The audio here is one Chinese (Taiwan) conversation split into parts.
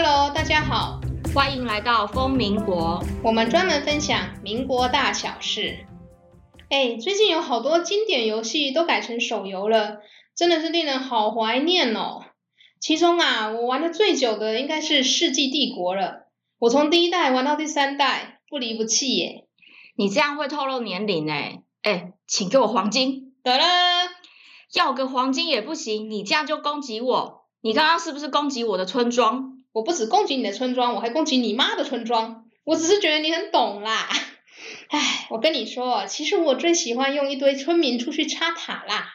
Hello，大家好，歡迎來到瘋民國。我們專門分享民國大小事。哎，最近有好多經典遊戲都改成手遊了，真的是令人好懷念哦。其中啊，我玩的最久的應該是《世紀帝國》了。我從第一代玩到第三代，不離不棄耶。你這樣會透露年齡哎、欸、哎，請給我黃金。得了嘍，要個黃金也不行，你這樣就攻擊我。你剛剛是不是攻擊我的村莊？我不只供給你的村莊，我還供給你媽的村莊。我只是覺得你很懂啦，唉，我跟你說，其實我最喜歡用一堆村民出去插塔啦。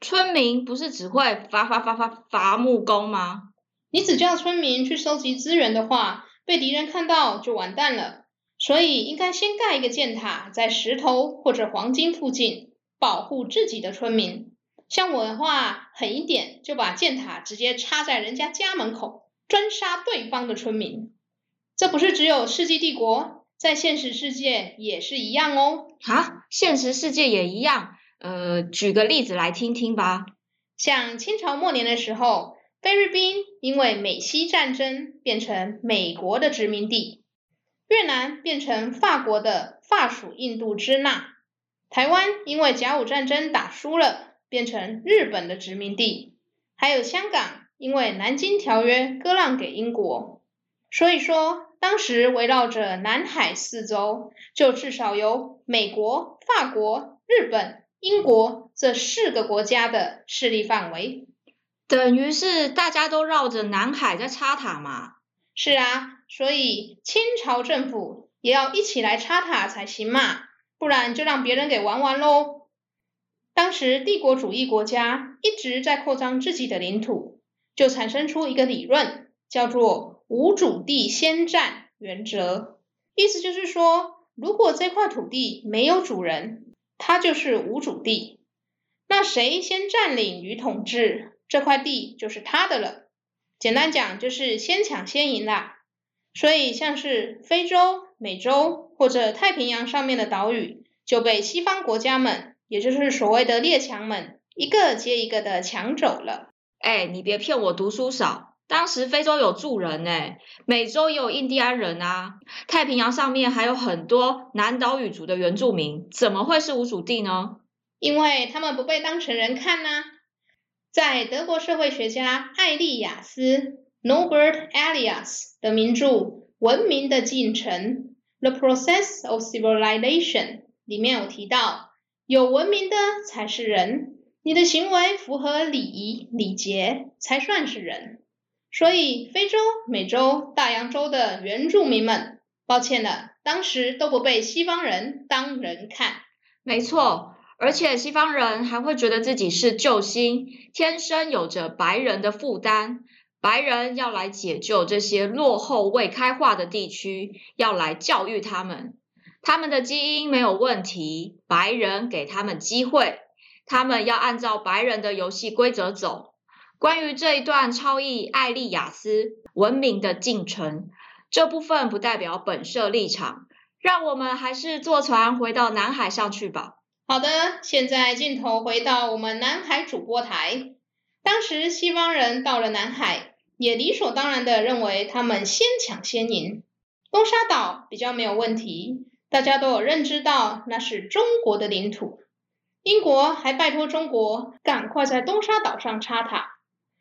村民不是只會伐伐伐伐伐伐木工嗎？你只叫村民去收集資源的話，被敵人看到就完蛋了。所以應該先蓋一個箭塔，在石頭或者黃金附近保護自己的村民。像我的話，狠一點就把箭塔直接插在人家家門口。專殺對方的村民，這不是只有《世紀帝國》，在現實世界也是一樣哦。哈、啊，現實世界也一樣。呃，舉個例子來聽聽吧。像清朝末年的時候，菲律賓因為美西戰爭變成美國的殖民地，越南變成法國的法屬印度支那，台灣因為甲午戰爭打輸了變成日本的殖民地，還有香港。因為《南京條約》割讓給英國，所以說當時圍繞着南海四周，就至少有美國、法國、日本、英國這四個國家的勢力範圍，等於是大家都繞着南海在插塔嘛。是啊，所以清朝政府也要一起來插塔才行嘛，不然就讓別人給玩完嘍。當時帝國主義國家一直在擴張自己的領土。就產生出一個理論，叫做“無主地先占原則”，意思就是說，如果這塊土地沒有主人，它就是無主地，那誰先占領與統治，這塊地就是他的了。簡單講，就是先搶先贏啦。所以，像是非洲、美洲或者太平洋上面的島嶼，就被西方國家們，也就是所謂的列強們，一個接一個的搶走了。哎、欸，你別騙我，讀書少。當時非洲有住人呢、欸，美洲也有印第安人啊，太平洋上面還有很多南島語族的原住民，怎麼會是無主地呢？因為他們不被當成人看吶、啊。在德國社會學家艾麗雅斯 n o b e r t Elias） 的名著《文明的進程》（The Process of Civilization） 裡面有提到，有文明的才是人。你的行為符合禮儀禮節，才算是人。所以，非洲、美洲、大洋洲的原住民們，抱歉了，當時都不被西方人當人看。沒錯，而且西方人還會覺得自己是救星，天生有着白人的負擔。白人要來解救這些落後未開化的地區，要來教育他們。他們的基因沒有問題，白人給他們機會。他們要按照白人的遊戲規則走。關於這一段超譯艾利亞斯文明的進程，這部分不代表本社立場。讓我們還是坐船回到南海上去吧。好的，現在鏡頭回到我們南海主播台。當時西方人到了南海，也理所當然地認為他們先搶先贏。東沙島比較沒有問題，大家都有認知到那是中國的領土。英國還拜託中國趕快在東沙島上插塔，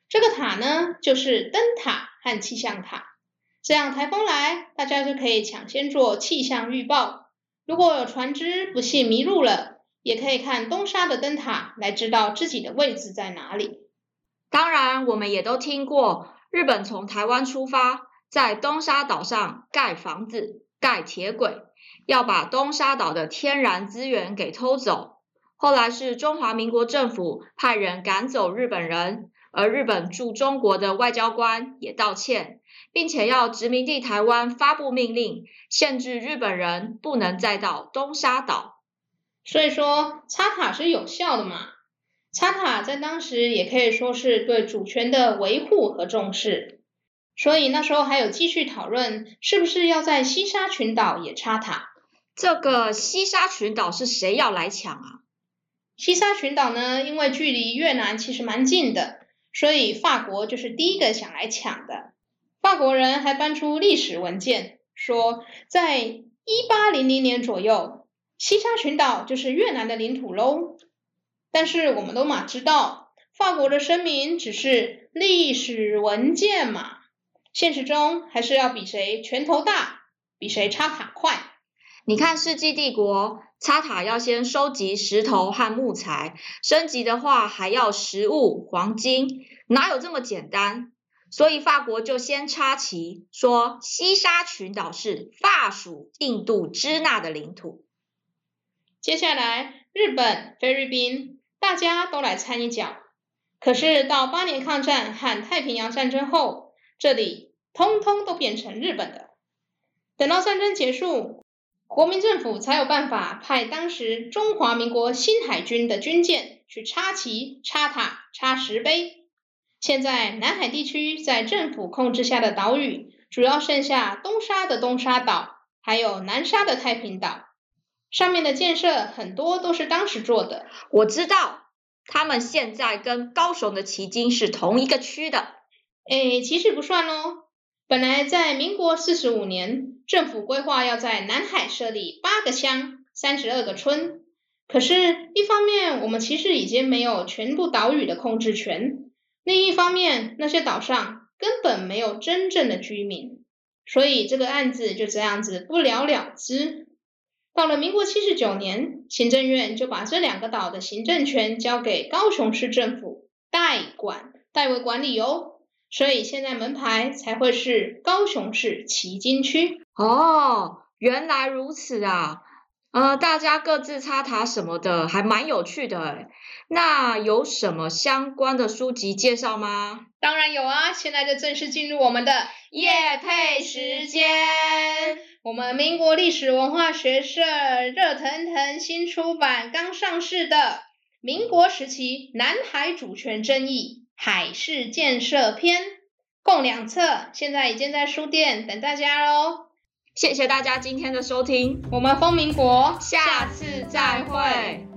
這個塔呢，就是燈塔和氣象塔，這樣颱風來，大家就可以搶先做氣象預報。如果有船隻不幸迷路了，也可以看東沙的燈塔來知道自己的位置在哪裡。當然，我們也都聽過日本從台灣出發，在東沙島上蓋房子、蓋鐵軌，要把東沙島的天然資源給偷走。後來是中華民國政府派人趕走日本人，而日本駐中國的外交官也道歉，並且要殖民地台灣發布命令，限制日本人不能再到東沙島。所以說，插塔是有效的嘛？插塔在當時也可以說是對主權的維護和重視。所以那時候還有繼續討論是不是要在西沙群島也插塔。這個西沙群島是誰要來搶啊？西沙群島呢，因為距離越南其實蠻近的，所以法國就是第一個想來搶的。法國人還搬出歷史文件，說在一八零零年左右，西沙群島就是越南的領土嘍。但是我們都嘛知道，法國的聲明只是歷史文件嘛，現實中還是要比誰拳頭大，比誰插塔快。你看，世紀帝國。插塔要先收集石頭和木材，升級的話還要食物、黃金，哪有這麼簡單？所以法國就先插旗，說西沙群島是法屬印度支那的領土。接下來，日本、菲律賓，大家都來摻一腳。可是到八年抗戰和太平洋戰爭後，這裡通通都變成日本的。等到戰爭結束。國民政府才有辦法派當時中華民國新海軍的軍艦去插旗、插塔、插石碑。現在南海地區在政府控制下的島嶼，主要剩下東沙的東沙島，還有南沙的太平島。上面的建設很多都是當時做的。我知道，他們現在跟高雄的旗津是同一個區的。誒，其實不算哦，本來在民國四十五年。政府規劃要在南海設立八個鄉、三十二個村，可是，一方面我們其實已經沒有全部島嶼的控制權，另一方面那些島上根本沒有真正的居民，所以這個案子就這樣子不了了之。到了民國七十九年，行政院就把這兩個島的行政權交給高雄市政府代管、代為管理喲、哦。所以現在門牌才會是高雄市旗津區哦，原來如此啊！呃，大家各自插塔什麼的，還蠻有趣的哎。那有什麼相關的書籍介紹嗎？當然有啊！現在就正式進入我們的業配時間， 我們民國歷史文化學社熱騰騰新出版、剛上市的《民國時期南海主權爭議》。《海事建設篇》共兩冊，現在已經在書店等大家嘍。謝謝大家今天的收聽，我們瘋民國下次再會。